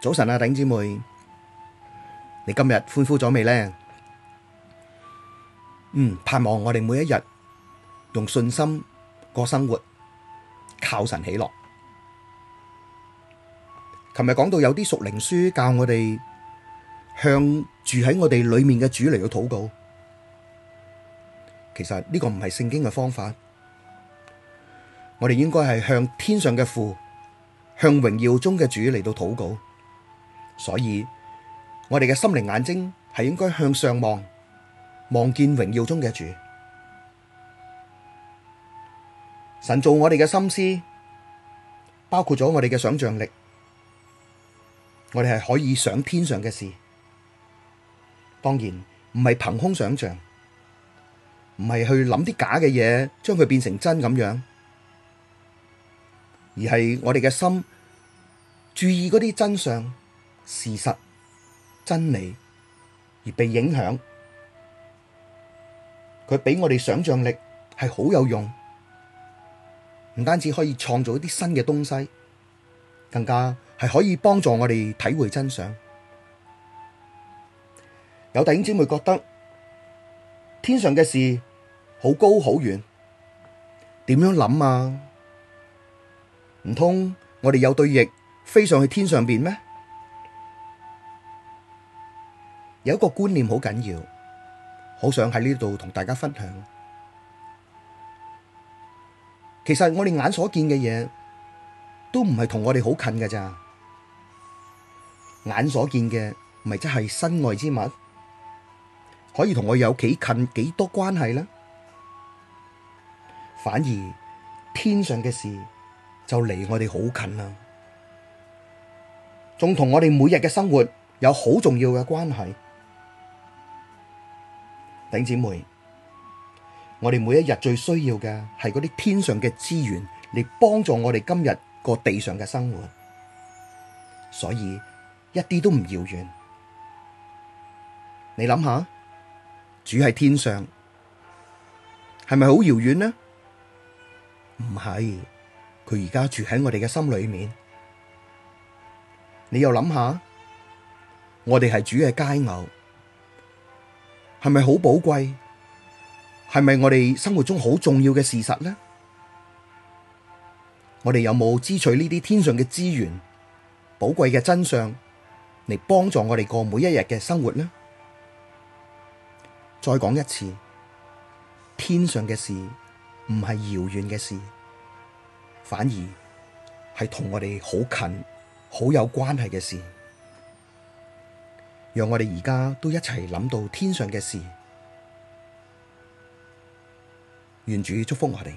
早晨啊，弟兄姊妹，你今日歡呼咗未呢？嗯，盼望我哋每一日用信心過生活，靠神喜樂。琴日講到有啲屬靈書教我哋向住喺我哋裏面嘅主嚟到禱告，其實呢個唔係聖經嘅方法，我哋應該係向天上嘅父，向榮耀中嘅主嚟到禱告。所以我哋嘅心靈眼睛係應該向上望，望見榮耀中嘅主。神造我哋嘅心思，包括咗我哋嘅想象力，我哋係可以想天上嘅事。當然唔係憑空想象，唔係去諗啲假嘅嘢，將佢變成真咁樣，而係我哋嘅心注意嗰啲真相。事實、真理而被影響，佢俾我哋想象力係好有用，唔單止可以創造一啲新嘅東西，更加係可以幫助我哋體會真相。有弟兄姊妹覺得天上嘅事好高好遠，點樣諗啊？唔通我哋有對翼飛上去天上邊咩？有一個觀念好緊要，好想喺呢度同大家分享。其實我哋眼所見嘅嘢，都唔係同我哋好近嘅咋。眼所見嘅，唔係真係身外之物，可以同我有幾近幾多關係咧？反而天上嘅事就離我哋好近啦，仲同我哋每日嘅生活有好重要嘅關係。頂姐妹，我哋每一日最需要嘅係嗰啲天上嘅資源，嚟幫助我哋今日個地上嘅生活。所以一啲都唔遙遠。你諗下，主喺天上，係咪好遙遠呢？唔係，佢而家住喺我哋嘅心裏面。你又諗下，我哋係主嘅佳偶。係咪好寶貴？係咪我哋生活中好重要嘅事實咧？我哋有冇支取呢啲天上嘅資源、寶貴嘅真相，嚟幫助我哋過每一日嘅生活咧？再講一次，天上嘅事唔係遙遠嘅事，反而係同我哋好近、好有關係嘅事。讓我哋而家都一齊諗到天上嘅事，願主祝福我哋。